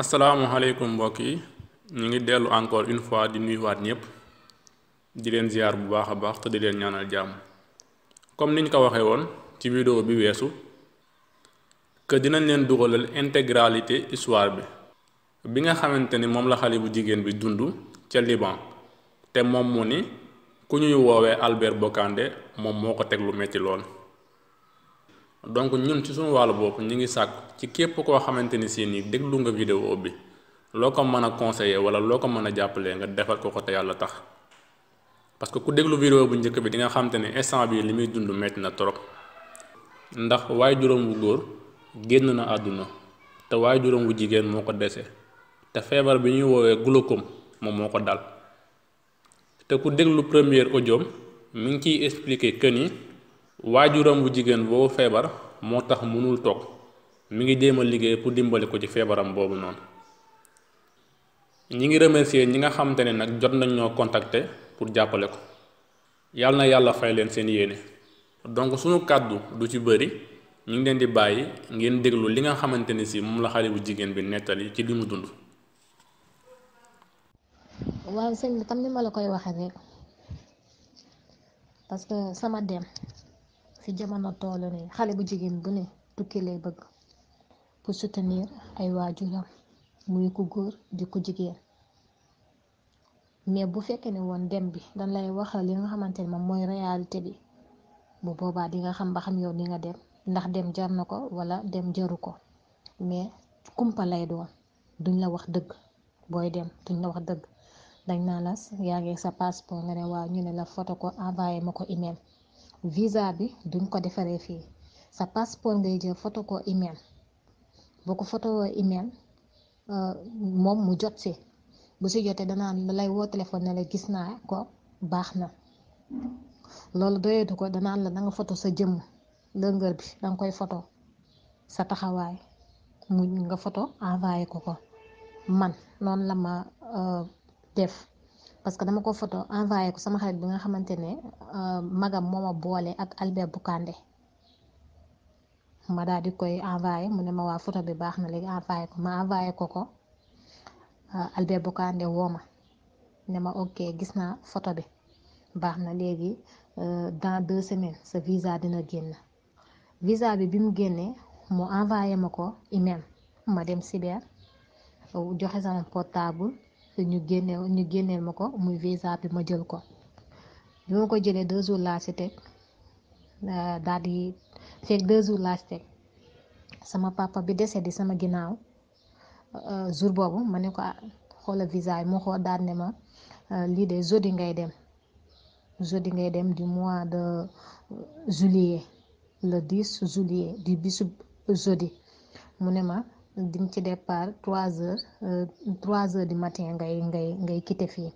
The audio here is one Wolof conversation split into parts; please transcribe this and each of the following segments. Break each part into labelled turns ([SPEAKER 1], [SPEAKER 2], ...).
[SPEAKER 1] asalaamaaleykum mbokk yi ñu ngi dellu encore une fois di nuyuwaat ñëpp di leen ziar bu baax a baax te di leen ñaanal jàmm comme niñ ko waxee woon ci vidéo bi weesu que dinañ leen dugalal intégralité histoire bi bi nga xamante ni moom la xale bu jigéen bi dund ca Liban te moom mu ni ku ñuy woowee Albert Bokande moom moo ko teg lu metti lool. donc ñun ci suñu wàllu bopp ñu ngi sàkk ci képp koo xamante ni si nii déglu nga vidéo bi loo ko mën a conseiller wala loo ko mën a jàppalee nga defal ko ko te yàlla tax parce que ku déglu vidéo bu njëkk bi di nga xamante ne instant bi li muy dund metti na trop ndax waaye juróom wu góor génn na àdduna te waaye juróom wu jigéen moo ko dese te feebar bi ñuy woowee glaucome moom moo ko dal te ku déglu première audio mi ngi ciy expliquer que ni waajuram bu jigéen boobu feebar moo tax mënul toog mu ngi jéem a liggéey pour dimbali ko ci feebaram boobu noonu ñi ngi remercier ñi nga xamante ne nag jot nañ ñoo contacter pour jàppale ko yàlla na yàlla fay leen seen yéene donc suñu kàddu du ci bëri ñu ngi leen di bàyyi ngeen déglu li nga xamante ne si moom la xale bu jigéen bi nettali ci li mu dund.
[SPEAKER 2] waaw sëñ bi tam ni ma la koy waxee rek parce sama dem. fi jamono toll nii xale bu jigéen bu ne tukki lay bëgg pour soutenir ay waajuram muy ku góor di ku jigéen mais bu fekkee ne woon dem bi dañ lay wax li nga xamante ne moom mooy réyalité bi bu boobaa di nga xam ba xam yow ni nga dem ndax dem jar na ko wala dem jaru ko mais kumpa lay doon duñ la wax dëgg booy dem duñ la wax dëgg dañ naa la yaa ngi sa passeport nga ne waa ñu ne la photo ko envoyé ma ko email. visa bi duñ ko defaree fii sa passeport ngay jël photo ko email boo ko photo email euh, moom mu jot si bu si jotee danaa lay woo téléphone ne la gis naa ko baax na loolu doyatu ko danaan la danga photo sa jëmm lëngër bi danga koy photo sa taxawaay mu nga photo envoyé ko ko man noonu la ma euh, def parce que dama ko photo envoyé ko sama xarit bi nga xamante ne euh, magam moo ma boole ak Albert Bukande ma daal koy envoyé mu ne ma waa photo bi baax na léegi envoyé ko ma envoyé ko ko euh, Albert Bukande woo ma ne ma gis naa photo bi baax na léegi euh, dans deux semaines sa bi bi mu génnee mu ma ko email ma dem cyber joxe sama portable. ñu génneel ñu génneel ma ko muy visa bi ma jël ko bi ma ko jëlee deux jours laa si teg euh, daal di deux jours laa si teg sama papa bi desee di sama ginnaaw euh, jour boobu ma ne ko a ah, visa yi mu xool daal ne ma euh, lii de jeudi ngay dem jeudi ngay dem di mois de juillet le 10 juillet du bisu jeudi mu ne ma dim ci départ trois heures euh, trois heures du matin ngay ngay ngay quitté fii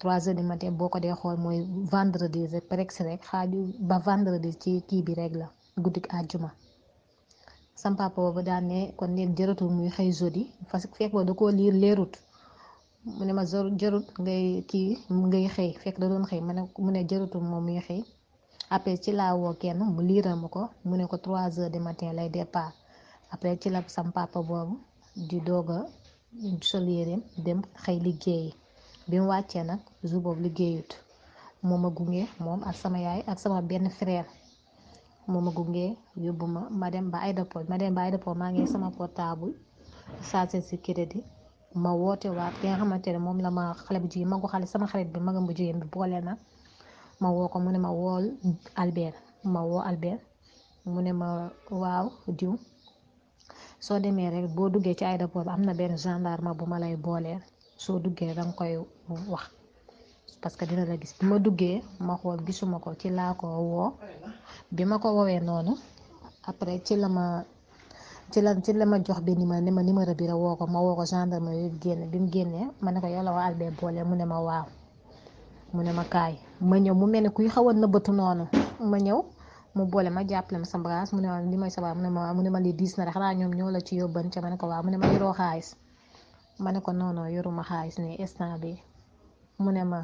[SPEAKER 2] trois heures de matin boo ko dee xool mooy vendredi rek rek si rek xaaju ba vendredi ci kii bi rek la guddi àjjuma sam papa boobu daan ne kon ne jëratul muy xëy jeudi parce que fekk da koo liir leerut mu ne ma jërut ngay kii ngay xëy fekk da doon xëy mu ne mu ne moom muy xëy après ci laa woo kenn mu liiral mu ko mu ne ko trois heures de matin lay départ. après ci la sam papa boobu di doog a sol yéreem dem xëy liggéeyi bi mu wàccee nag jour boobu liggéeyut moo ma gunge moom ak sama yaay ak sama benn frère moom ma gunge yóbbu ma ma dem ba aéroport ma dem ba aéroport maa ngi sama portable chargé si crédit ma woote waa ki nga xamante ne moom la ma xale bu jigéen ma xale sama xarit bi magam bu jigéen bi boole na ma woo ko mu ne ma wool Albert ma woo Albert mu ne ma waaw diw soo demee rek boo duggee ci aéroport am na benn gendarme bu ma lay booleel soo duggee danga koy wax parce que dina la gis bi ma duggee ma xool gisuma ko ci laa ko woo bi ma ko woowee noonu après ci la ma ci la ci la ma jox bi ni ma ni ma numéro bi woo ko ma woo ko gendarme génn bi mu génnee ma ne ko yow la waa Albert booleel mu ne ma waaw mu ne ma kaay ma ñëw mu mel ne kuy xaw a nëbbatu noonu ma ñëw. mu boole ma jàppale ma sa bagage mu ne ma li mooy sa bagage mu ne ma mu ma li diis na rek xanaa ñoom ñoo la ci yóbban ca ma ne ko waaw mu ne ma yoroo xaalis ma ne ko noonoo yoruma xaalis ne instant bi mu ne ma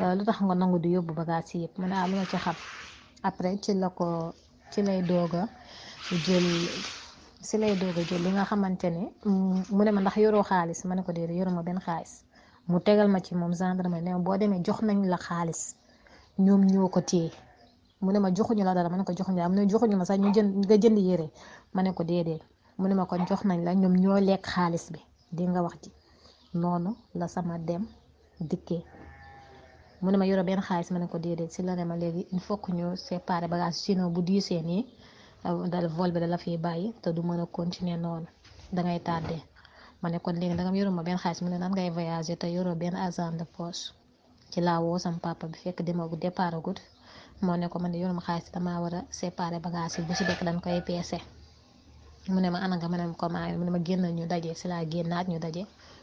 [SPEAKER 2] euh, lu tax nga nangu di yóbbu bagage yi yëpp ne ah lu ma ci xam après ci la ko ci lay doog a jël si lay doog a jël li nga xamante ne mm, mu ne ma ndax yoroo xaalis ma ne ko déedéet yoruma benn xaalis mu tegal ma ci moom gendarme ne boo demee jox nañ la xaalis ñoom ñoo ko téye mu ne ma joxuñu la dara ma ne ko joxuñu la mu ne joxuñu ma sax ñu jënd nga jënd yére ma ne ko déedéet mu ne ma ko jox nañ la ñoom ñoo lekk xaalis bi di nga wax ji noonu la sama dem dikkee mu ne ma yoro benn xaalis ma ne ko déedéet si la ne ma léegi il ñu séparer bagage sinon bu diisee nii euh, dal vol bi da la fiy bàyyi te du mën a continuer noonu dangay tardé ma ne kon léegi dangam yoro ma benn xaalis mu ne nan ngay voyager te yoro benn agent de poche ci laa woo sama papa bi fekk dima départ agut moo ne ko man de ma xaalis damaa war a séparer bagage yi bu si nekk dañ koy peese mu ne ma ana nga ma ne ko maa mu ne ma génn ñu daje si laa génnaat ñu daje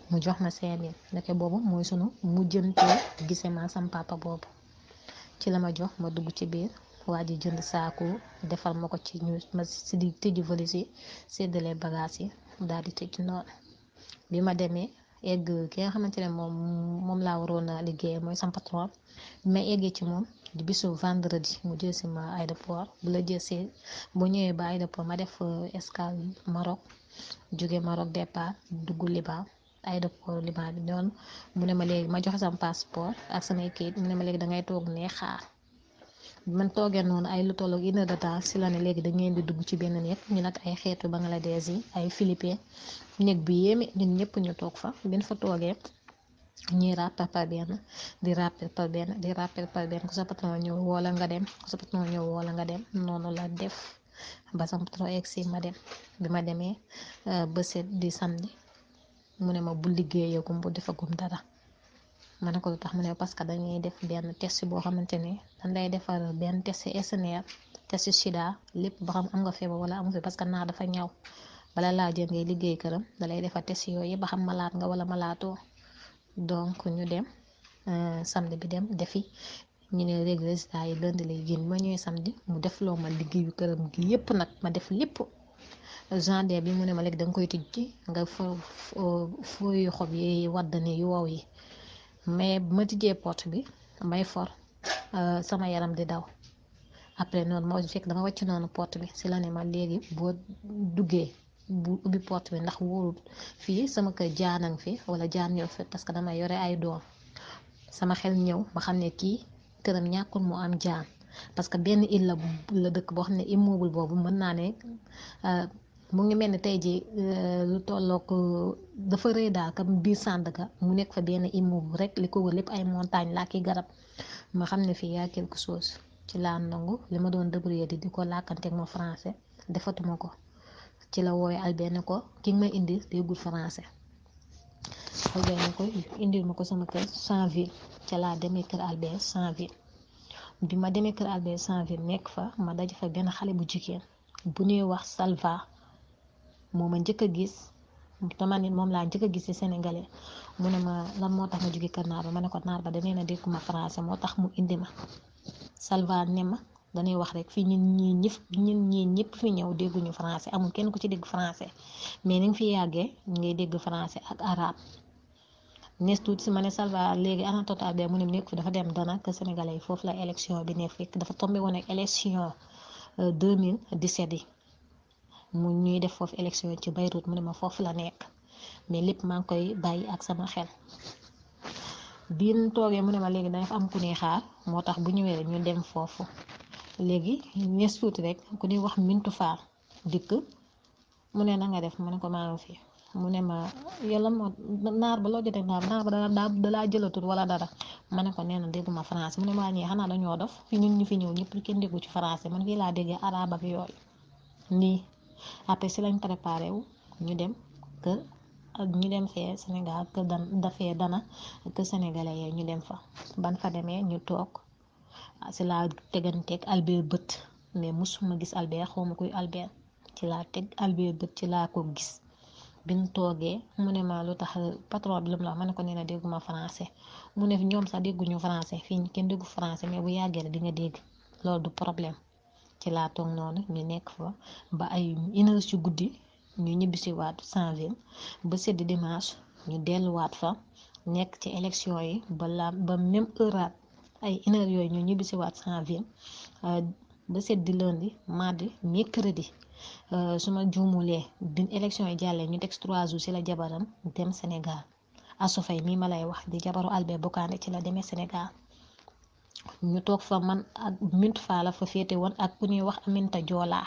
[SPEAKER 2] mu jox ma cinq mille ndeke boobu mooy sunu mujjantee gisee ma sam papa boobu ci la ma jox ma dugg ci biir waa ji jënd saako defal ma ko ci ñu ma si di tëju valise yi séddale yi daal di tëj noonu bi ma demee. egg ki nga xamante ne moom moom laa waroon a liggéey mooy sam patron bi may eggee ci moom di bisu vendredi mu jël si ma aéroport bu la jël see bu ñëwee ba aéroport ma def euh, escale Maroc jóge Maroc départ dugg Liban aéroport Liban bi noonu mu ne ma léegi ma joxe sam passeport ak samay kayit mu ne ma léegi da ngay toog ne xaar. man toogee noonu ay lu tolloog une de temps si la ne léegi dañ leen di dugg ci benn néeg ñu nag ay xeetu Bangladesh yi ay philippin néeg bi yéeme ñun ñëpp ñu toog fa benn fa toogee ñuy rappel par benn di rappel par benn di rappel par benn ku sa patron ñëw woola nga dem ku sa patron ñëw woola nga dem noonu la def ba sama patron si ma dem bi ma demee euh, ba set di samedi mu ne ma bu liggéeyagum bu defagum dara. ma ko lu tax mu ne parce que dañuy def benn test boo xamante ne dañ defar benn test SNR test sida lépp ba xam am nga feebar wala amu fi parce que naar dafa ñaw bala laa jël liggéey këram da lay defar test yooyu ba xam malaat nga wala malaatoo donc ñu dem euh, samedi dem defi ñu ne léegi résultat yi lundi lay génn mu def loo ma liggéeyu këram gi yépp nag ma def lépp. gendarme bi mu ne ma léegi da nga koy tijji nga fo fooy xob yi wadd ni yu wow yi mais bu ma tijjee porte bi may for euh, sama yaram di daw après noonu moo fekk dama wàcc noonu porte bi si la ne ma léegi boo duggee bu ubbi porte bi ndax wóorul fii sama kër jaanan fi wala jaan ñëw fi parce que dama yore ay doom sama xel ñëw ma xam ne kii këram ñàkkul mu am jaan parce que benn île la la dëkk boo xam ne immeuble boobu mën naa ne euh, mu ngi mel ni tey jii euh, lu tollook dafa rëy daal kam biir Sandaga mu nekk fa benn immeuble rek li ko lépp ay montagne la ak i garab ma xam ne fii yaa quelque chose ci laa nangu li ma doon débrouiller di di ko làkkanteeg ma français defatuma ko ci la wooye albert ne ko ki ma indi déggul français albert ne ko ma ko sama kër saint ca laa demee kër albert Saint-Ville bi ma demee kër albert saint nekk fa ma daj fa benn xale bu jigéen bu nuy wax Salva moo a njëkk a gis dama nit moom laa njëkk a gis ci sénégalais mu ne ma lan moo tax ma jóge kër naar ba ma ne ko naar ba da nee na déggu ma français moo tax mu indi ma salva ne ma dañuy wax rek fii ñun ñii ñëpp ñun ñii ñëpp fi ñëw dégguñu français amul kenn ku ci dégg français mais ni fi yàggee ngay dégg français ak arabe nees tuuti si ma ne Salva léegi ana total bi mu ne nekk fi dafa dem dana que sénégalais yi foofu la élection bi dafa tombé woon ak élection 2017 euh, yi. mu ñuy def foofu ci Beyrouth mu ne ma foofu la nekk mais lépp maa ngi koy bàyyi ak sama xel bi ñu toogee mu ne ma léegi danga fa am ku ñuy xaar moo tax bu ñëwee ñu dem foofu léegi ñes tuuti rek ku ñuy wax Mintu Faal dikk mu ne na nga def ma ne ko maa ngi fi mu ne ma yàlla moo naar ba loo jotee naar ba naar ba daa dalaa jëlatul wala dara ma ne ko nee na dégguma français mu ne maa ñëwee xanaa dañoo dof fi ñu fi ñëw ñëpp kenn déggu ci français man fii laa déggee arabe ak yooyu après si lañ préparé wu ñu dem kër ñu dem fee Sénégal kër dan dana kër sénégalais yee ñu dem fa ban fa demee ñu toog ah, si laa teganteeg Albert bët mais mosuma gis Albert xawma kuy Albert ci laa teg Albert bët ci laa ko gis biñ toogee mu ne ma lu tax patron bi lu la ma ne ko nee dégguma français mu ne ñoom sax dégguñu français fii kenn déggu français mais bu yàggee di nga dégg loolu du problème ci laa toog noonu ñu nekk fa ba ay une ci guddi ñu ñibbisi waat saint ba sedd dimanche ñu delluwaat fa nekk ci élection yi ba la ba même heure ay une heure yooyu ñu ñibbi waat Saint-Louis euh, ba sedd di lundi mardi mercredi euh, su ma juumulee bi élection yi jàllee ñu teg trois jours ci la jabaram dem Sénégal asufay mii ma lay wax di jabaru Albert Bokane ci la demee Sénégal. ñu toog fa man ak mint faa la fa féete woon ak ku ñuy wax aminta joola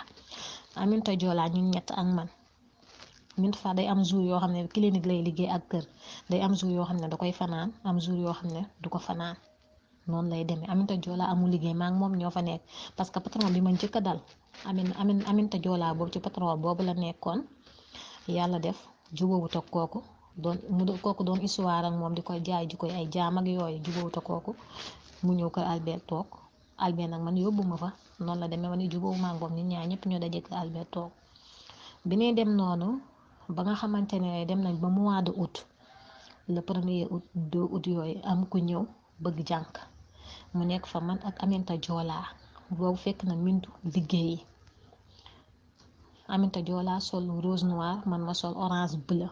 [SPEAKER 2] aminta joolaa ñun ñett ak man mint faa day am jour yoo xam ne clinique lay liggéey ak kër day am jour yoo xam ne da koy fanaan am jour yoo xam ne du ko fanaan noonu lay demee aminta joolaa amul liggéey maak moom ñoo fa nekk parce que patron bi ma njëkk dal amin amin aminta joolaa boobu ci patron boobu la nekkoon yàlla def jubóowut ak kooku doon mu kooku doon histoire ak moom di koy jaay ji koy ay jaam yooyu jubóowut ak kooku mu ñëw kër Albert toog Albert nag man yóbbu ma fa noonu la demee ma ni jubóobu ma ak moom nit ñaar toog bi dem noonu ba nga xamante ne dem nañ ba mois de août le premier août deux am ku ñëw bëgg jànk mu nekk fa man ak Aminta Joolaa boobu fekk na mintu liggéey yi Aminta sol rose noir man ma sol orange bleu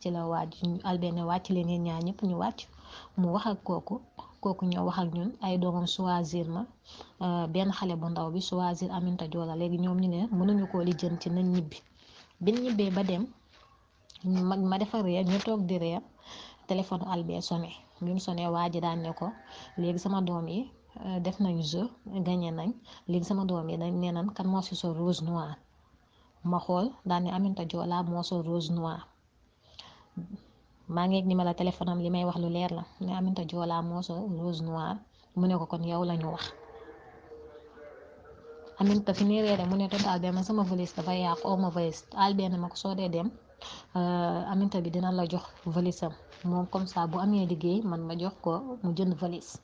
[SPEAKER 2] ci la waaj Albert ne wàcc leen ñaar ñëpp ñu wàcc mu wax ak kooku. kooku ñoo wax ñun ay doomam choisir ma euh, benn xale bu ndaw bi choisir Aminta Joola léegi ñoom ñu ne mënuñu koo ci nañ ñibbi bin ñibbee ba dem ma ma defar reer ñu toog di reer téléphone Albert sonné bi mu sone waa ji daan ne ko léegi sama doom yi euh, def nañu jeu gagné nañ léegi sama doom yi dañ ne nan kan moo si sol rose noir ma xool daan ne Aminta Joola moo sol rose noir. maa ngeeg ma la am li may wax lu leer la ne Aminta Joola Mooso Rose Noire mu ne ko kon yow la ñu wax Aminta fi muy réeré mu ne total dema sama valise dafa yàqu aw ma valise al benn ma ko soo dee dem euh, Aminta bi dina la jox valise moom comme ça amee liggéey man ma jox ko mu jënd valise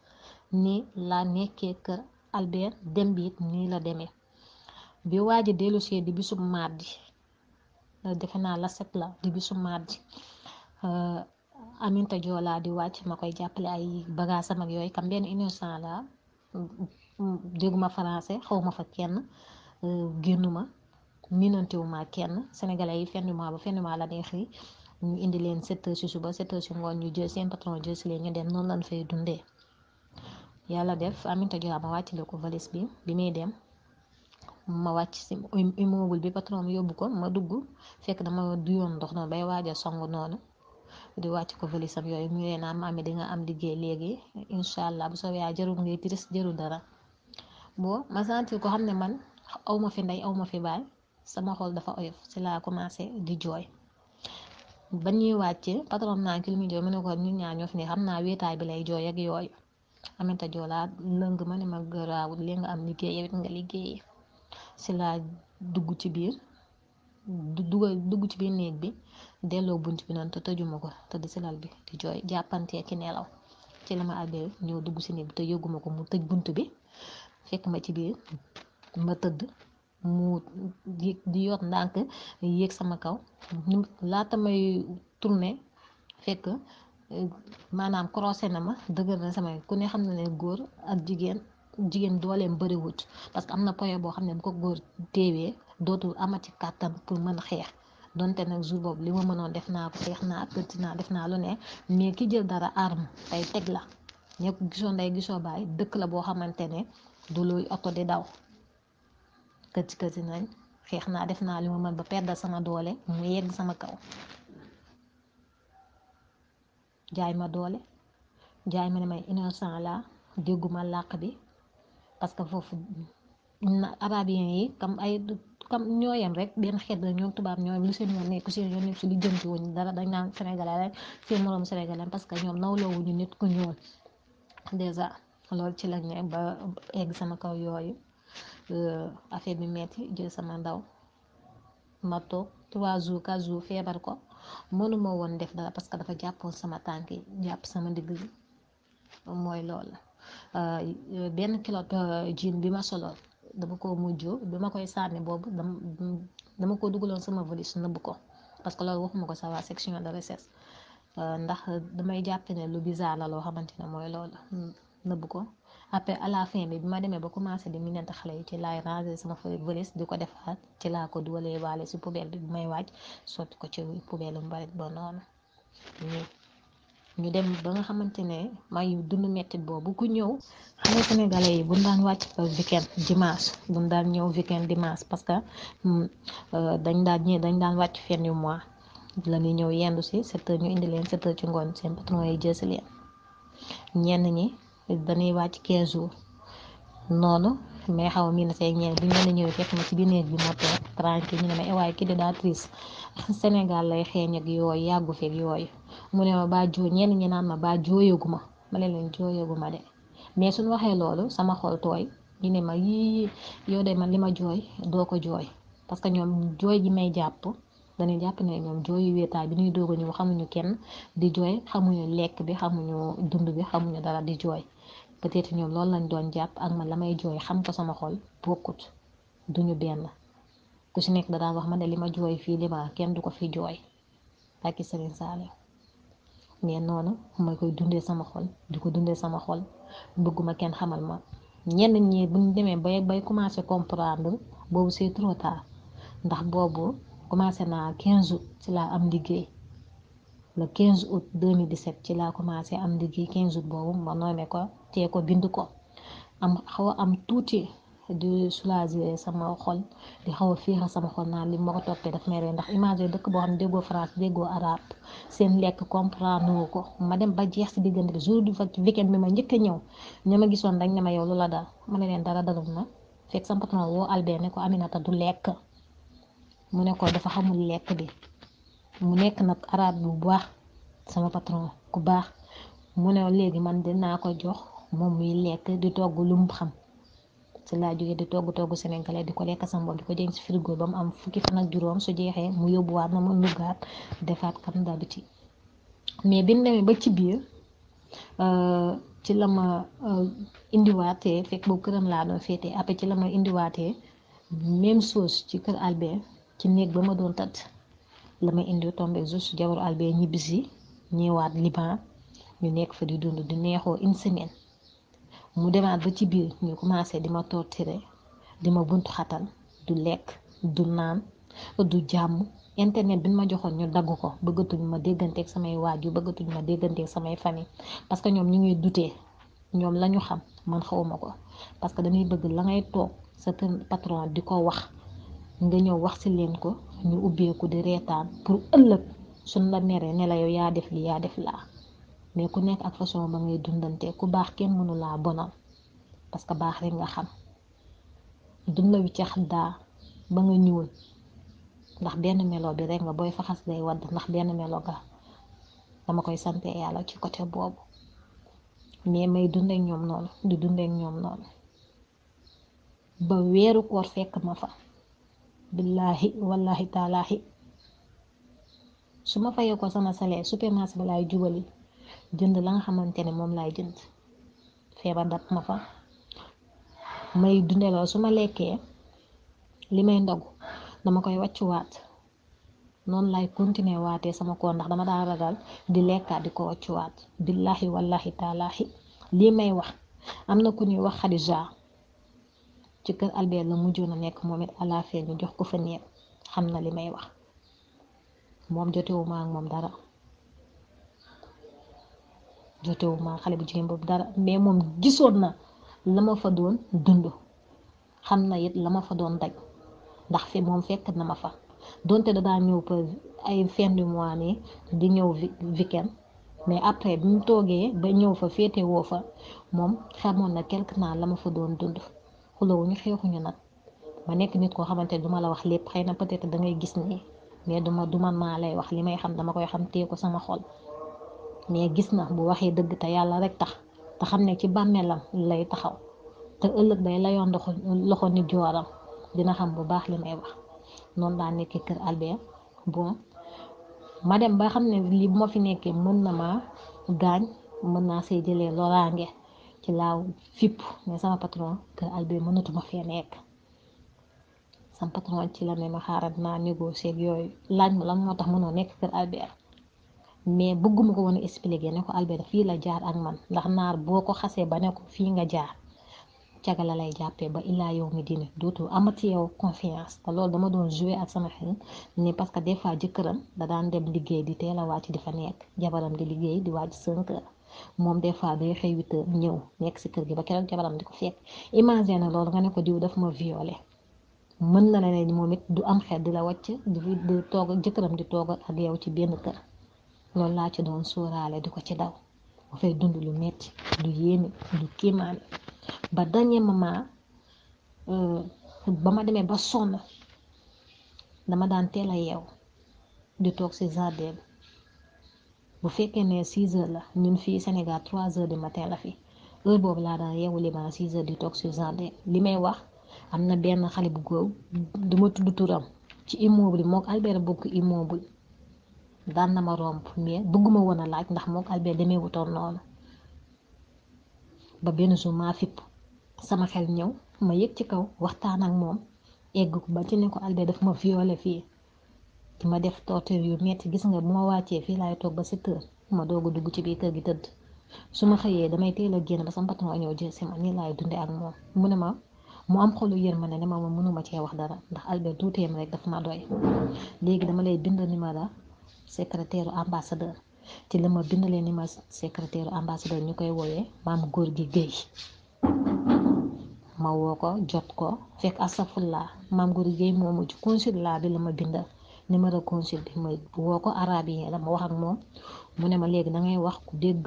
[SPEAKER 2] nii laa nekkee kër Albert dem bi nii la demee bi waaj a dellu see di defe naa la set la di bisu mardi Aminta Joola di wàcc ma koy jàppale ay bagage sama yooyu kam benn innocent la dégguma français xaw ma fa kenn euh, génnuma minantewuma kenn sénégalais yi fenn mois ba fenn la neex yi ñu indi leen sept heures si suba sept si ngoon ñu jël seen patron jël si leen ñu dem noonu lañ fay dundee yàlla def Aminta Joola ma wàccale ko valise bi bi muy dem ma wàcc si immeuble bi patron yóbbu ko ma dugg fekk dama duyoon ndox noonu bay waaja song noonu di wàcc ko valise am yooyu mu ngi leen a di nga am liggéey léegi incha allah bu soobee yaa jarul ngay tiris jarul dara bo ma sentir ko xam ne man aw ma fi ndey aw ma fi baay sama xool dafa oyof si laa commencé di jooy ba ñuy wàccee patron naa ki lu muy jooy mu ñoo ne xam naa wéetaay bi lay jooy ak yooyu amenta joolaa lëng ma ne ma garaawul li nga am liggéey yow it nga liggéey si laa dugg ci biir dugal dugg ci biir néeg bi delloo bunt bi noonu te tëjuma ko tëdd si bi di jooy jàppantee ki nelaw ci la ma àggee ñëw dugg si néeg bi te yëguma ko mu tëj bunt bi fekk ma ci biir ma tëdd mu di yor ndànk yéeg sama kaw laata may tourné fekk maanaam croisé na ma dëgër na sama ku ne xam na ne góor ak jigéen jigéen dooleem bariwut parce que am na point boo xam ne bu ko góor téewee dootul amati kàttan pour mën xeex donte nag jour boobu li ma mënoon def naa ko xeex naa petit naa def naa lu ne mais ki jël dara arme tey teg la ñekk gisoo ndey gisoo baay dëkk la boo xamante ne du luy oto di daw këti këti nañ xeex naa def naa li ma mën ba perdal sama doole mu yegg sama kaw jaay ma doole jaay ma ne may innocent la dégguma làkk bi parce que foofu arabien yi comme ay tam ñoo yam rek benn xeet la ñoom tubaab ñoo yem lu seen yoon nekku si yoon nekku si jëm ci woon dara dañ naan sénégalais rek seen moroom sénégalais parce que ñoom nawloowuñu nit ku ñuul déjà loolu ci lañ ne ba egg sama kaw yooyu euh, affaire bi metti jël sama ndaw ma toog trois jours quatre jours feebar ko mënuma woon def dara parce que dafa jàppoon sama tànk yi jàpp sama ndigg mooy loolu euh, benn kilo jean euh, bi ma soloon dama ko mujj bi ma koy sànni boobu dama dama ko dugaloon sama valise nëbb ko parce que loolu waxuma ko sa section de recherche euh, ndax damay jàpp ne lu bizarre la loo xamante ne mooy loolu nëbb ko après à la bi bi ma demee ba commencé di minent xale yi ci laay ranger sama valise di ko defaat ci laa ko dugalee waale si poubelle bi bi may wàcc sotti ko ci poubelle mu barit ba noonu. ñu dem ba nga xamante ne may dund mettit boobu ku ñëw xale sénégalais yi buñ daan wàcc weekend dimanche buñ daan ñëw weekend dimanche parce que mm, euh, dañ daan ñëw dañ daan wàcc fin du mois la ñuy ñëw yendu si sept ñu indi leen sept ci ngoon seen patron yi jël si leen ñenn ñi dañuy wàcc quinze jours noonu mais xaw mi la seeg ñeen bu ñu mën a ñëw fekk ma ci biir bi ma toog ñu ne ma eh waaye kii de daa triste Sénégal lay xeeñ ak yooyu yàggu feeg yooyu mu ne ma baa joo ñenn naan ma baa jooyagu ma ma ne leen ma de mais suñu waxee loolu sama xol tooy ñu ne ma yii yow de man li ma jooy doo ko jooy parce que ñoom jooy ji may jàpp dañuy jàpp ne ñoom jooyu wéetaay bi ñuy doog a ñëw xamuñu kenn di jooy xamuñu lekk bi xamuñu dund bi xamuñu dala di jooy peut-être ñoom loolu lañ doon jàpp ak man la may jooy xam ko sama xol bokkut duñu benn ku si nekk da wax ma ne li ma jooy fii li ma kenn du ko fi jooy ak Serigne Saliou mais noonu ma koy dundee sama xol di ko dundee sama xol bëgguma kenn xamal ma ñenn ñi buñ demee bay bay commencé comprendre boobu c'est trop tard ndax boobu commencé naa quinze août ci laa am liggéey le 15 août 2017 ci laa commencé am liggéey 15 août boobu ma nommé ko. fàttee ko bind ko am xaw am tuuti di soulager sama xol di xaw a fiixa sama xol naan li ma ko toppee daf may rey ndax image yooyu dëkk boo xam ne déggoo France déggoo arabe seen lekk comprendre wu ko ma dem ba jeex si diggante bi jour du fa weekend bi ma njëkk a ñëw ña ma gisoon dañ ne ma yow loola daal ma ne leen dara dalum na fekk sama patron woo ko Aminata du lekk mu ne dafa xamul lekk bi mu nekk nag arabe bu baax sama patron ku baax mu ne léegi man naa ko jox. moom muy lekk di togg lu xam ci laa jógee di togg togg sénégalais di ko lekk sama bopp di ko jëm ci frigo ba mu am fukki fan juróom su jeexee mu yóbbuwaat ma mu nuggaat defaat comme d'habitude mais bi ñu ba ci biir euh, ci la ma euh, indiwaatee fekk boobu këram laa doon féetee ci la ma indiwaatee même chose ci kër Albert ci néeg ba ma doon tat la ma indi tombé juste jabaru Albert ñibbisi ñëwaat Liban ñu nekk fa di dund di neexoo une mu demaat ba ci biir ñu commencé di ma torturer di ma buntu xatal du lekk du naan du jàmm internet bi nu ma joxoon ñu dagg ko bëggatuñ ma dégganteeg samay waajur bëggatuñ ma dégganteeg samay famille parce que ñoom ñu ngi dutee ñoom la ñu xam man xawuma ko parce que dañuy bëgg la ngay toog sa patron di ko wax nga ñëw wax si leen ko ñu ubbeeku di reetaan pour ëllëg suñ la neree ne la yow yaa def li yaa def laa mais ku nekk ak façon ba ngay dundante ku baax kenn mënu laa bonal parce que baax rek nga xam dun la wiccax daa ba nga ñuul ndax benn melo bi rek nga booy faxas day wadd ndax benn melo nga dama koy sante yàlla ci côté boobu mais may dundeek ñoom noonu di dundeek ñoom noonu ba weeru koor fekk ma fa billaahi wallaahi taalaahi su ma fayee ko sama salaire supermarché ba laay jubali jënd la nga xamante ni moom laay jënd feebar dab ma fa may dundeloo su ma lekkee li may ndogu dama koy wàccuwaat noonu lay continuer waatee sama koor ndax dama daan ragal di lekkaat di ko wàccuwaat billahi wallahi taalaahi lii may wax am na ku ñuy wax Xadija ci kër Albert la mujjoon a nekk moom it à nu jox ko fa néeg xam na li may wax moom jotewu ma ak moom dara. jotewu ma xale bu jigéen boobu dara mais moom gisoon na la ma fa doon dund xam na it la ma fa doon daj ndax fi moom fekk na ma fa donte da daa ñëw pa ay fin du mois nii di ñëw weekend mais après bi mu toogee ba ñëw fa féete woo fa moom xamoon na quelque temps la ma fa doon dund xulawuñu xeexuñu nag ma nekk nit koo xamante duma la wax lépp xëy na peut-être da ngay gis nii mais duma duma maa lay wax li may xam dama koy xam tee ko sama xol mais gis na bu waxee dëgg te yàlla rek tax te xam ne ci bàmmeelam lay taxaw te ëllëg day layoon ndoxu loxo ni jooram dina xam bu baax li may wax noonu laa nekkee kër Albert bon ma dem ba xam ne lii bu ma fi nekkee mën na maa gaañ mën naa see jëlee loraange ci laaw fipp mais sama patron kër Albert mënatuma fee nekk sama patron ci la ne ma xaaral naa négocier yooyu laaj ma lan moo tax mënoo nekk kër Albert. mais bëgguma ko woon expliquer ne ko Albert fii la jaar ak man ndax naar boo ko xasee ba ne ko fii nga jaar cagala lay jàppee ba illaa yow mi dina dootu amati yow confiance loolu dama doon jouer ak sama xel ni parce que des fois jëkkëram da daan dem liggéey di teel a wàcc di fa nekk di liggéey di wàcc cinq moom des fois day xëy huit ñëw nekk si kër gi ba keroog jabaram di ko fekk imagine na loolu nga ne ko diw daf ma violé mën na la ne moom it du am xel di la wacc di toog jëkkëram di toog ak yow ci benn kër loolu laa ci doon sóoraale di ko ci daw ba fay dund lu metti lu yéeme lu kéemaane ba dernier moment euh, ba ma demee ba sonn dama daan teel a yeew di toog si jardin bu fekkee ne 6 heures la ñun fii Sénégal trois heures du matin la fi heure boobu laa daan yeewu li ma 6 heures di toog si jardin li may wax am na benn xale bu góor du ma tudd turam ci immeuble bi moog Albert bokk immeuble daan na ma romb mais bëgguma woon a laaj ndax moom Albert demee wutoon noonu ba benn jour maa fipp sama xel ñëw ma yëg ci kaw waxtaan ak moom egg ko ma ci ne ko Albert daf ma violé fii di ma def torture yu metti gis bu ma wàccee fii laay toog ba sept ma doog a dugg kër gi tëdd su ma xëyee damay teel a génn ba sama patron ñëw jël si ma nii laay dundee ak moom mu ne ma mu am xolu yërmande ne ma mënuma wax dara ndax Albert tuuteem rek daf ma doy léegi dama lay secrétaire ambassadeur ci la ma bind leen ni ma secrétaire ambassadeur ñu koy woowee maam góor gi Guèye ma woo ko jot ko fekk astaghfirullah maam góor gi Guèye moomu ci consulat bi la ma bindal numéro consul bi ma woo ko arabe yi la ma wax ak moom mu ne ma léegi da ngay wax ku dégg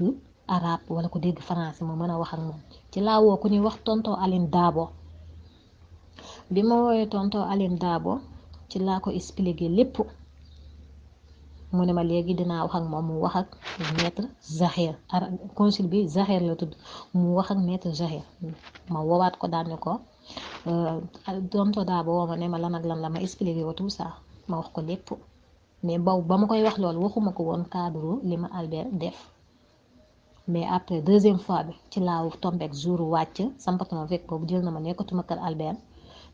[SPEAKER 2] arabe wala ku dégg français ma mën a wax ak moom ci laa woo ku ñuy wax tonton Aline Dabo bi ma woowee tonton Aline Dabo ci laa ko expliqué lépp. mu ne ma léegi dinaa wax ak moom mu wax ak maître Zahir ar consul bi Zahir la tudd mu wax ak maître Zahir ma woowaat ko daal ne ko tonto euh, daa ba woo ne ma lan ak lan la ma expliqué ko tout ma wax ko lépp mais baw ba ma koy wax loolu waxuma ko woon cadre li ma Albert def mais après deuxième fois bi ci laaw tombeek jour wàcc sama patron fekk boobu jël na ma nekkatuma kër Albert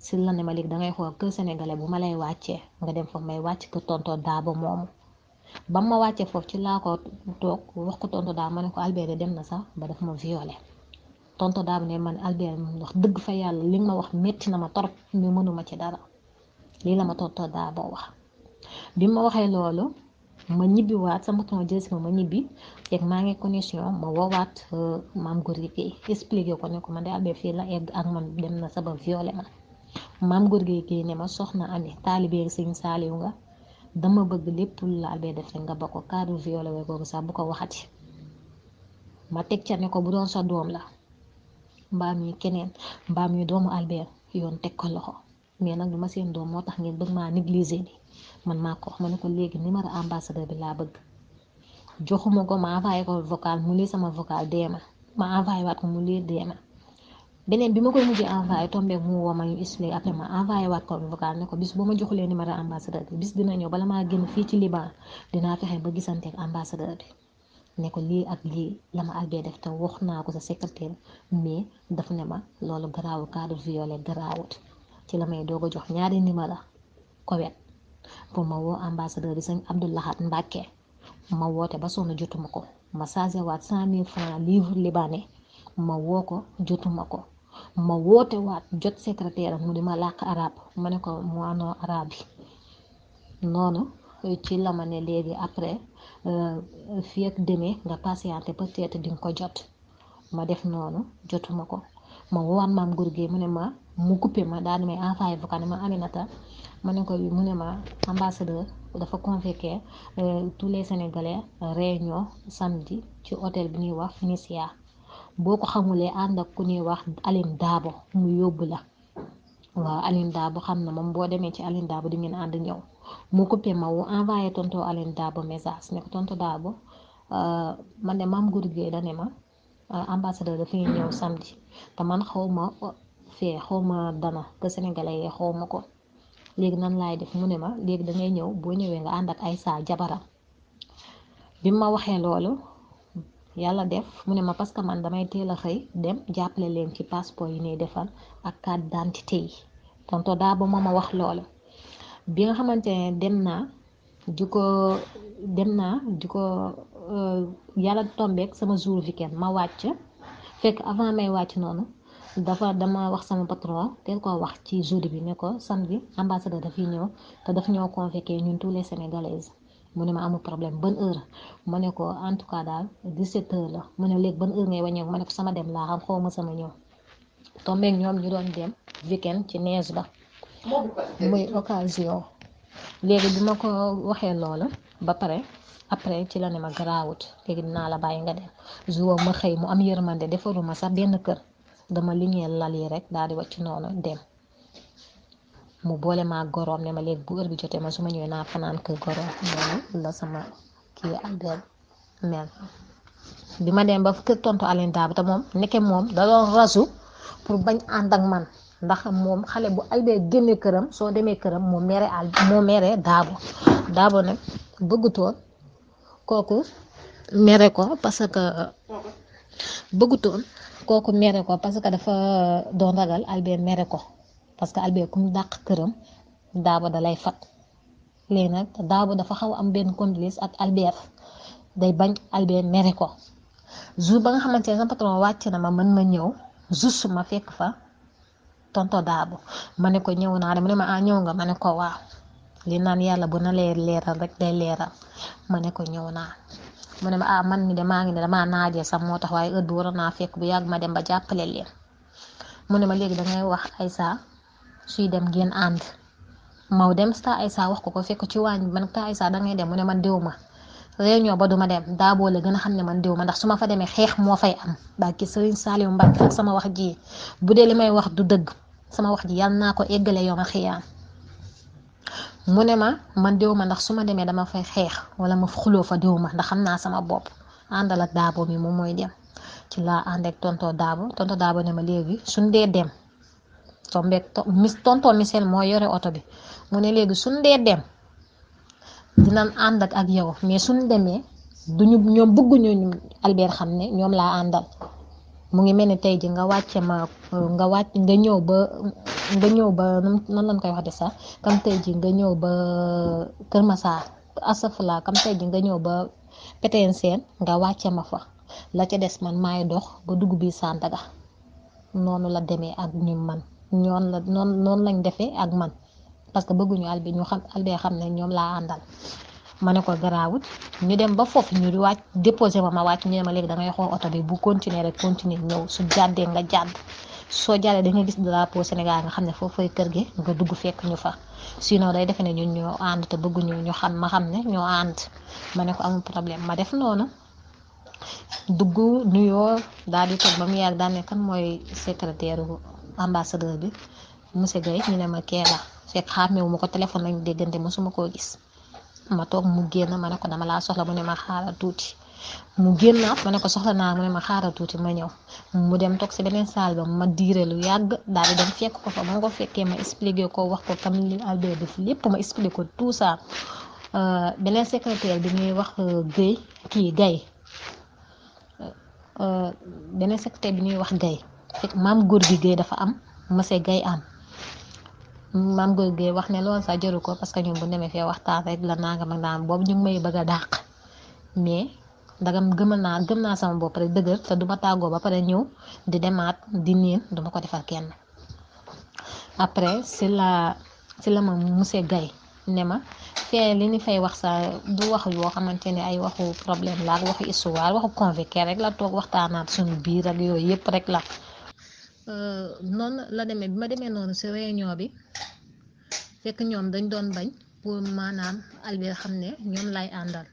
[SPEAKER 2] si la ne ma léegi da ngay xool kër sénégalais bu ma lay wàccee nga dem fa may wàcc kër tonto daa moomu. ba ma wàccee foofu ci laa ko toog wax ko tontu daam ma ne ko Albert de dem na sax ba daf ma violé tontu daam ne man Albert wax dëgg fa yàlla li nga ma wax metti na ma torop mais mënuma ci dara lii la ma tontu daa wax bi ma waxee loolu ma ñibbi waat sama tonton jël si ma ñibbi teg maa ngi connexion ma woowaat euh, maam Gorgui Guèye expliqué ko ne ko man de Albert fii la egg ak man dem na sa ba violé ma maam Gorgui ki ne ma soxna Ami taalibe Sëñ Saaliw nga dama bëgg lépp lu la albee def rek nga ba ko cadre violé we kooku sax bu ko waxati ma teg ca ne ko bu doon sa doom la mbaam yi keneen mbaam yi doomu albert yoon teg ko loxo mais nag du ma seen doom moo tax ngeen bëgg maa négliger ni man maa ko wax ma ne ko léegi numéro ambassadeur bi laa bëgg joxuma ko ma envoyé ko vocal mu li sama vocal deema ma envoyé waat ko mu lii deema beneen bi ma koy mujjee envoyé tombé mu ma ñu expliqué après ma envoyé waat ko vocal ne ko bis boo ma joxulee numéro ambassadeur bi bis dina ñëw bala maa génn fii ci Liban dinaa fexe ba gisante ak ambassadeur bi ne ko lii ak lii la ma albee def te wax naa ko sa secrétaire mais daf ne ma loolu garaawul cadre violet garaawut ci la may doog a jox ñaari numéro kowet pour ma woo ambassadeur bi sëñ Abdoulahat Mbacke ma woote ba sonn jotuma ko ma sage waat cent mille francs livre libanais ma woo ko jotuma ko ma woote waat jot secrétaire mu di ma làkk arab ma ne ko moinoo arab yi noonu eh, ci la ma ne léegi après eh, fii ak demee nga patienté peut-être di nga ko jot ma def noonu jotuma ko ma woowaat maam góor gi mu ne ma mu coupé ma daal di may envoyé vocal ne ma Aminata ma ne ko mu ne ma ambassadeur dafa convoqué eh, tous les sénégalais réunion samedi ci hôtel bi ñuy wax Nicia. boo ko xamulee ànd ak ku ñuy wax alin daabo mu yóbbu la waaw alim daabo xam na moom boo demee ci alim daabo di ngeen ànd ñëw mu coupé ma wu envoyé tonto alim daabo message ne ko tonto daabo euh, man de maam Goury Gueye da ne ma euh, ambassadeur dafay ñëw samedi te man xaw ma euh, fee xaw ma dana te sénégalais yi ko léegi nan laay def mu ne ma léegi da ngay ñëw boo ñëwee nga ànd ak ay saa jabaram bi ma waxee loolu. yàlla def mu ne ma parce que man damay teel a xëy dem jàppale leen ci passeport yu ñuy defal ak carte d'identité yi tonto daa ba ma wax loola bi nga xamante ne dem naa di ko dem naa di ko euh, yàlla tombeek sama jour weekend ma wàcc fekk avant may wàcc noonu dafa dama wax sama patron teel ko wax ci jour bi ne ko samedi ambassadeur dafiy ñëw te daf ñoo convoqué ñun tous les mu ne ma amul problème ban heure ma ne ko en tout cas daal 17h la mu ne léegi ban heure ngay wàññeeku ma ne ko sama dem laa xam xaw ma sama ñëw tombeeg ñoom ñu doon dem weekend ci neige ba muy occasion léegi bi ma ko waxee loola ba pare après ci la ne ma garaawut léegi dinaa la bàyyi nga dem jour ma xëy mu am yërmande defaruma sax benn kër dama liggéeyal lal yi rek daal di wàcc noonu dem. mu boole maa goroom ne ma léegi bu heure bi jotee ma su ma ñëwee naa fanaan kër goroom loolu la sama kii Albert mel bi ma dem ba kër tontu Alioune Dabo te moom nekke moom da doon rasu pour bañ ànd ak man ndax moom xale bu Albert génne këram soo demee këram moo mere al moo mere Dabo Dabo nag bëggutoon kooku mere ko parce que bëggutoon kooku mere ko parce que dafa doon ragal Albert mere ko. parce que albert ku mu dàq këram daaba da lay fat léegi nag daaba dafa xaw am benn complice ak albert day bañ albert mere ko jour ba nga xamante ne sama patron wàcc na ma man ma ñëw juste ma fekk fa tonto daabu ma ne ñëw naa de mu ma ah ñëw nga ma ne ko waaw li naan yàlla bu na leer leeral rek day leeral ma ne ko ñëw naa mu ne ma ah man mi de maa ngi ne damaa naajee sax moo tax waaye heure bi waroon naa fekk bu yàgg ma dem ba jàppale leen mu ne ma léegi dangay wax ay saa suy dem ngeen ànd maw dem Star Aïssa wax ko ko fekk ci waañ bi man Star Aïssa dangay dem mu ne man déw ma réunion ba duma dem daaboo la gën a xam ne man déw ma ndax su ma fa demee xeex moo fay am bàkki Serigne Saliou Mbacke ak sama wax ji bu dee li may wax du dëgg sama wax ji yàlla naa ko eggale yow ma xiyaam mu ne ma man déw ma ndax su ma demee dama fay xeex wala ma xuloo fa déw ma ndax xam naa sama bopp àndal ak daaboo mi moom mooy dem ci laa ànd ak tonto daabo tonto daabo ne ma léegi suñ dee dem tombeeg to mis tonton Michel moo yore oto bi mu ne léegi suñ dee dem dinañ ànd ak yow mais suñ demee duñu ñoom bëgguñu Albert xam ne ñoom laa àndal mu ngi mel ni tey ji nga wàcce ma euh, nga wàcc nga ñëw ba nga ñëw ba nan lañ koy wax de sax tey ji nga ñëw ba euh, Kër Massar asafla kam tey ji nga ñëw ba Pétéyen Sène nga wàcce ma fa la ca des man maay dox ba dugg bi Sandaga noonu la demee ak ñu man ñoon la noon noonu lañ defee ak man parce que bëgguñu albi ñu xam albee xam ne ñoom laa àndal ma ne ko garaawut ñu dem ba foofu ñu di wàcc déposé ma ma wàcc ñu ne ma léegi da ngay xool oto bi bu continuer rek continuer ñëw su jàddee nga jàdd soo jàllee da nga gis drapeau Sénégal nga xam ne foofay kër gi nga dugg fekk ñu fa no day defe ne ñu ñoo ànd te bëgguñu ñu xam ma xam ne ñoo ànd ma ne ko amul problème ma def noonu dugg nuyoo daal di toog ba mu yàgg daal ne kan mooy ambassadeur bi monsieur Guèye ñu ne ma Kéba fekk xàmmewu ma ko téléphone lañu déggante mosuma koo gis ma toog mu génn ma ne ko dama laa soxla mu ne ma xaaral tuuti mu génnaat ma ne ko soxla naa ma xaaral tuuti ma ñëw mu dem toog si beneen salle ba ma diire lu yàgg daal di dem fekk ko fa ma ko fekkee ma expliqué ko wax ko Camille Albert def lépp ma expliqué ko tout ça euh, beneen secrétaire bi ñuy wax euh, Guèye kii Guèye euh, beneen secrétaire bi ñuy wax Guèye. maam Gorgui Gueye dafa am monsieur gay am maam Gorgui Gueye wax ne loolu sax jëru ko parce que ñun bu demee fee waxtaan rek la nangam mag naan boobu ñu ngi may bëgg a dàq mais ndagam gëmal naa gëm naa sama bopp rek dëgër te du ma tàggoo ba pare ñëw di demaat di niin du ko defal kenn après si la si la ma monsieur gay ne ma fee li ni fay wax sa du wax yoo xamante ne ay waxu problème laa ak waxu histoire waxu convoqué rek la toog waxtaanaat suñu biir ak yooyu yëpp rek la Euh, noonu la demee bi ma demee noonu si réunion bi fekk ñoom dañ doon bañ pour maanaam Albert xam ne ñoom lay àndal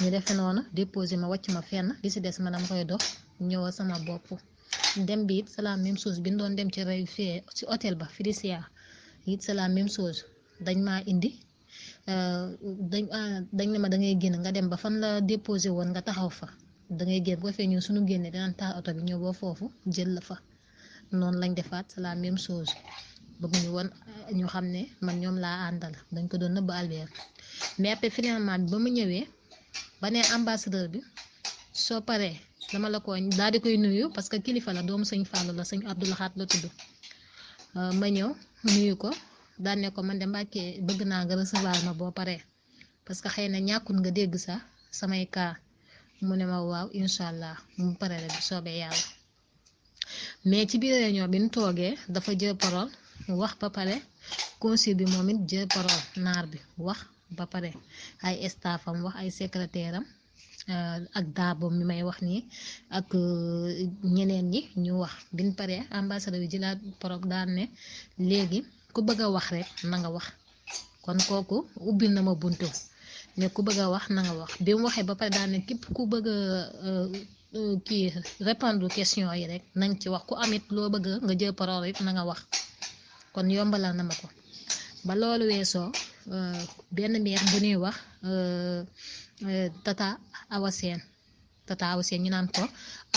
[SPEAKER 2] ñu defe noonu déposé ma wacc ma fenn li si des ma dama koy dox ñëwa sama bopp dem bi it c'est la même bi ñu doon dem ci rey fii ci ba Felicia it la même chose dañ maa indi euh, dañ ah, dañ ne ma da génn nga dem ba fan la déposé woon nga taxaw fa da ngay génn bu ko fee ñun suñu génnee dinañ taal oto bi ñëw ba foofu jël la fa. noonu lañ defaat c'est la même chose bëgg ñu woon euh, ñu xam ne man ñoom laa àndal dañ ko doon nëbb Albert mais après finalement bi ba mu ñëwee ba ne ambassadeur bi soo paree dama la ko daal di koy nuyu parce que kilifa la doomu sëñ Fallou la sëñ Abdou Lahat la tudd euh, ma ñëw nuyu ko daan ne ko man de Mbàkkee bëgg naa nga recevoir ma boo paree parce que xëy na ñàkkul nga dégg sax samay cas mu ne ma waaw incha mu pare la bu soobee yàlla. mais ci biir réunion bi ñu toogee dafa jël parole wax ba pare conseil bi moom it jël parole naar bi wax ba pare ay staffam wax ay secrétaire euh, ak daabo mi may wax nii ak euh, ñeneen ñi ñu wax biñ paree ambassadeur bi jëlaat parole daan léegi ku bëgg a wax rek na nga wax kon kooku ubbil na ma buntu ne ku bëgg a wax na nga wax bi mu waxee ba pare daan ne képp ku bëgg euh, Euh, kii répondre question yi rek nañ ci wax ku amit loo bëgg nga jël parole it na nga wax kon yombalal na ma ko ba loolu weesoo euh, benn meer bu ñuy wax euh, tata awa seen tata awa seen ñu naan ko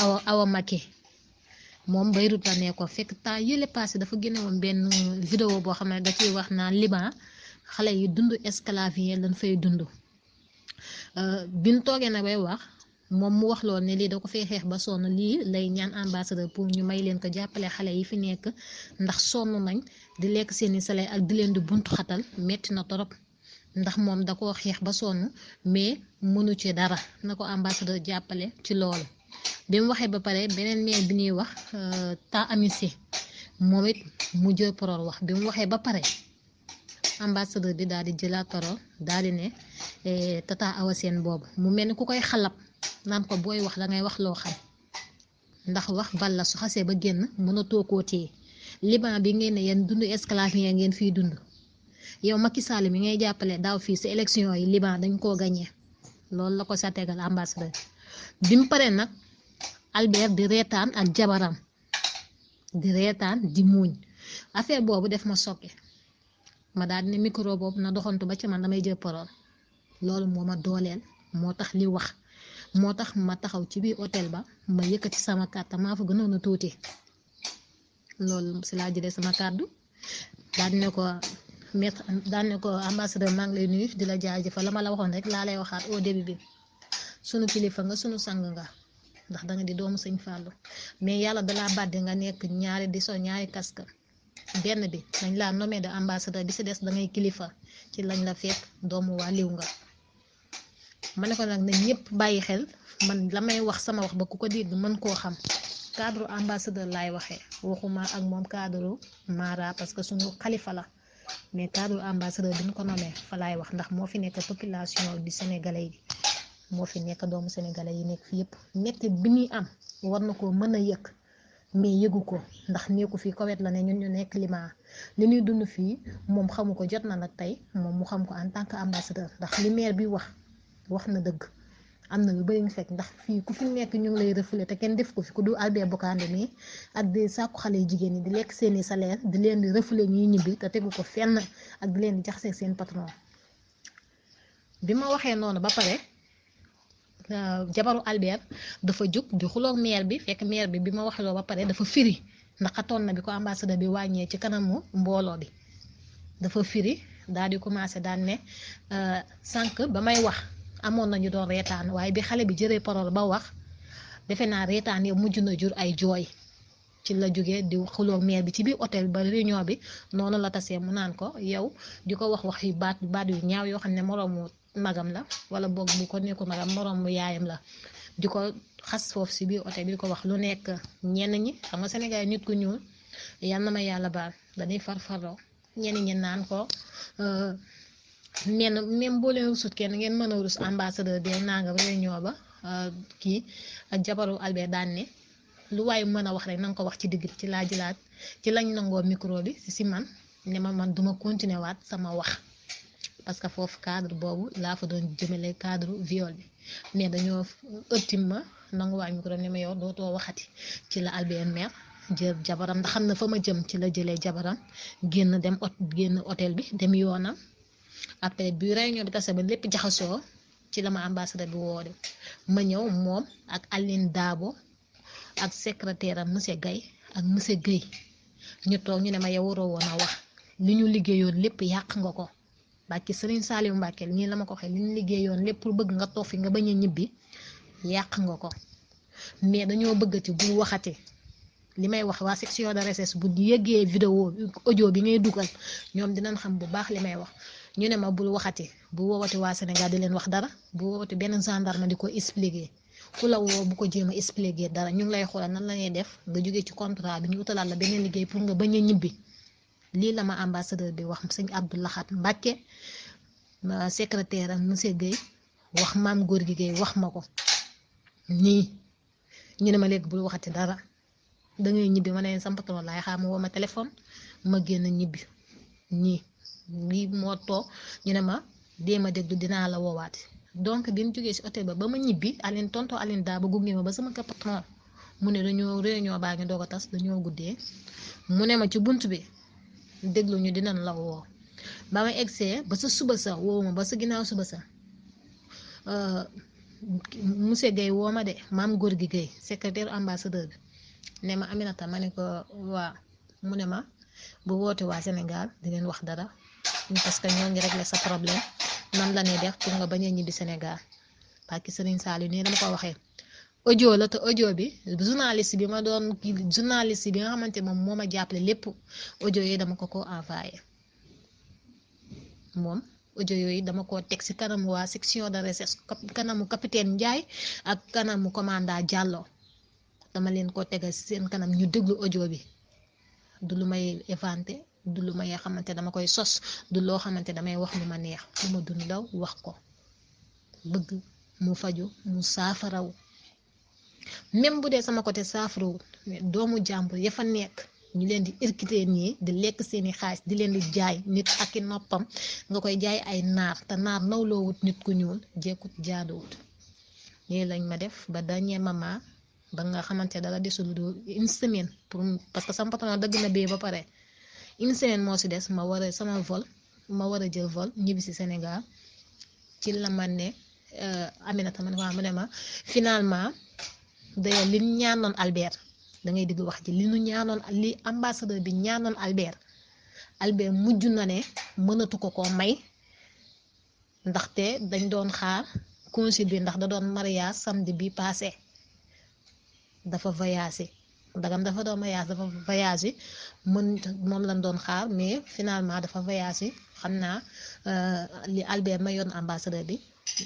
[SPEAKER 2] awa awa moom moom Beyrouth la nekkoon fekk temps yële passé dafa génnewoon benn vidéo boo xam ne da ciy wax naan Liban xale yi dund esclavien lañ fay dund bi ñu na bay wax. moom mu wax lool ne lii da ko fee xeex ba sonn lii lay ñaan ambassadeur pour ñu may leen ko jàppale xale yi fi nekk ndax sonn nañ di lekk seeni salaire ak di leen di buntu xatal metti na torop ndax moom da koo xeex ba sonn mais mënu ci dara na ko ambassadeur jàppale ci loolu bi mu waxee ba pare beneen maire bi ñuy wax euh, ta amisi moom it mu jël parole wax bi mu waxee ba pare ambassadeur bi daal di jëlaat parole daal di ne eh, tata awa seen boobu mu mel ni ku koy xalab naan ko booy wax dangay wax loo xam ndax wax bal la su xasee ba génn mënatoo koo téye liban bi ngeen ne yéen dund esclave ngeen fiy dund yow Macky Sall mi ngay jàppale daaw fii si élection yi liban dañ koo gañee loolu la ko sa tegal ambassadeur bi mu paree nag Albert di reetaan ak jabaram di reetaan di muuñ affaire boobu def ma sokke ma daal di ne micro boobu na doxantu ba ci man damay jël loolu moo ma dooleel moo tax li wax moo tax ma taxaw ci biir hôtel ba ma yëkkati sama carte maa fa gënoon a tuuti loolu si laa jëlee sama kàddu daan ne ko maître daan ne ko ambassadeur maa ngi lay nuyu di la jaajëfal la ma la waxoon rek laa lay waxaat au début bi sunu kilifa nga sunu sang nga ndax danga di doomu sëñ Fallou mais yàlla dalaa bàddi nga nekk ñaari di so ñaari kaska benn bi dañ laa nommé de ambassadeur bi si des da kilifa ci lañ la fekk doomu waa liw nga ma ne ko nag ne ñëpp bàyyi xel man la may wax sama wax ba ku ko dégg man koo xam cadre ambassadeur laay waxee waxuma ak moom cadre Mara parce que suñu kalifa la mais cadre ambassadeur bi ñu ko nommé fa laay wax ndax moo fi nekk population du sénégalais yi moo fi nekk doomu sénégalais yi nekk fi yëpp métti bi ñuy am war na koo mën a yëg mais yëgu ko ndax nekku fii kowet la ne ñun ñu nekk climat li ñuy dund fii moom xamu ko jot na nag tey moom mu xam ko en tant que ambassadeur ndax wax na dëgg am na lu bëri ñu fekk ndax fii ku fi nekk ñu ngi lay refule te kenn def ko fi ku du Albert Bokande mi ak di sàkku xale yu jigéen ñi di lekk seeni saleer di leen di refoulé ñuy ñibbi te tegu ko fenn ak di leen di jaxasee seen patron bi ma waxee noonu ba pare euh, jabaru Albert dafa jóg di xuloog maire bi fekk bi bi ma waxee loo ba pare dafa firi naqatoon na bi ko ambassadeur bi wàññee ci kanamu mbooloo bi dafa firi daal di commencé daan ne euh, sànq ba may wax. amoon nañu doon reetaan waaye bi xale bi jëree parole ba wax defe naa reetaan ya mujj na jur ay jooy ci la jóge di xuloo maire bi ci biir hôtel ba réunion bi noonu la tase mu naan ko yow di ko wax wax yu baat baat yu ñaaw yoo xam ne moroomu magam la wala boog bu ko nekkul magam mu yaayam la di ko xas foofu si biir hôtel bi di ko wax lu nekk ñenn ñi xam nga Sénégal nit ku ñuul yal na ma yàlla baal dañuy farfarloo ñenn ñi naan ko euh, nee na même boo leen rusut kenn ngeen mën a rus ambassadeur bi nangam réunion ba euh, kii jabaru Albert daan lu waaye mën a wax rek na nga ko wax ci digg ci laa jëlaat ci lañ nangoo micro bi si man ne ma man duma continuer waat sama wax parce que foofu cadre boobu laa fa doon jëmale cadre viol bi mais dañoo ëttim ma nanguwaay micro ne ma yow dootoo waxati ci la Albert Mer jël jabaram ndax xam na fa ma jëm ci la jëlee jabaram génn dem ot génn hôtel bi dem yoonam après bi réunion bi tase ba lépp jaxasoo ci la ma ambassadeur bi woore ma ñëw moom ak alin Dabo ak secrétaire am monsieur Guèye ak monsieur Guèye ñu toog ñu ne ma yow waroo woon a wax li ñu liggéeyoon lépp yàq nga ko bàkki Serigne Saliou Mbacke nii la ma ko waxee li ñu liggéeyoon lépp lu bëgg nga toog fi nga bañ a ñibbi yàq nga ko mais dañoo bëggati bul waxati li may wax waa section de recherche bu yëggee vidéo audio bi ngay dugal ñoom dinañ xam bu baax li may wax ñu ne ma bul waxati bu woowati waa Sénégal di leen wax dara bu woowati benn gendarme di ko expliquer ku la woo bu ko jéem a expliquer dara ñu ngi lay xoolal nan la ñuy def nga jógee ci contrat bi ñu utalaat la beneen liggéey pour nga bañ a ñibbi lii la ma ambassadeur di wax sëñ Abdou Lahat Mbacke ma secrétaire am monsieur Guèye wax maam góor gi wax ma ko nii ñu ne ma léegi bul waxati dara da ngay ñibbi ma ne sama patron laay xaar ma woo ma téléphone ma génn ñibbi lii moo toog ñu ne ma dee ma déglu dinaa la woowaat donc bi mu jógee si hôtel ba ba ma ñibbi Aline tonto Aline daa ba gunge ma ba sama kër mu ne dañoo réunion baa ngi doog a tas dañoo guddee mu ne ma ci bunt bi déglu ñu la woo ba ma ba sa suba sa woo ma ginnaaw suba sa euh, monsieur Guèye woo ma de maam góor gi Guèye secrétaire ambassadeur bi ne ma Aminata ma ne ko waa mu ne ma bu woote waa Sénégal di leen wax dara parce que ñoo ngi régler sa problème nan la ñuy def pour nga bañ a ñibbi Sénégal parce que Serigne Saliou nii dama ko waxee ojo la te audio bi journaliste bi ma doon journaliste bi nga xamante moom moo ma jàppale lépp ojo yi dama ko ko envoyé moom audio yooyu dama ko teg ci kanamu waa section de recherche kanamu capitaine Ndiaye ak kanamu commandant jàlloo dama leen koo tegal ci seen kanam ñu déglu audio bi du lu may éventé du lu ma ya xamante dama koy sos du loo xamante damay wax lu ma neex lu ma dund law wax ko bëgg mu faju mu saafaraw même bu dee sama côté saafarawut doomu jàmbur ya fa nekk ñu leen di irkitee nii di lekk seeni xaalis di leen di jaay nit ak i noppam nga koy jaay ay naar te naar nawloowut nit ku ñuul jekkut jaaduwut lii lañ ma def ba dernier moment ba nga xamante dara desul une semaine pour parce que sama patron dëgg na bee ba pare une semaine moo si des ma war a sama vol ma war a jël vol ñibbi si Sénégal ci la ma ne euh, Aminata man mu ne ma finalement d'ailleurs li ñu ñaanoon Albert da ngay digg wax ji li ñu ñaanoon li ambassadeur bi ñaanoon Albert Albert mujj na ne mënatu ko koo may ndaxte dañ doon xaar consul bi ndax da doon mariage samedi bi passé dafa voyagé. ndagam dafa doon voyage dafa voyage yi mën moom lañ doon xaar mais finalement dafa voyage xam naa euh, li Albert mayoon ambassadeur bi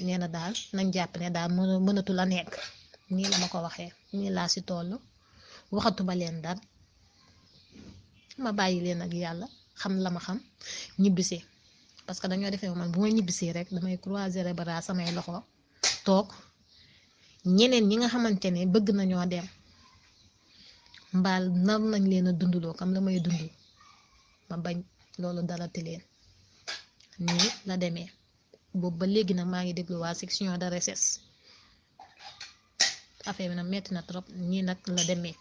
[SPEAKER 2] nee na daal nañ jàpp ne daal mënatul a nekk nii la ma ko waxee nii laa si waxatu waxatuma leen dara ma bàyyi leen ak yàlla xam la ma xam ñibbisee parce que dañoo defee man bu ma ñibbisee rek damay croiser les bras samay loxo toog ñeneen ñi nga xamante ne bëgg nañoo dem. mbaal nar nañ leen a dundaloo kam la may dund ma bañ loolu dalati leen nii la demee boobu ba léegi nag maa ngi déglu waa section de recherche affaire bi nag metti na trop ñii nag la demee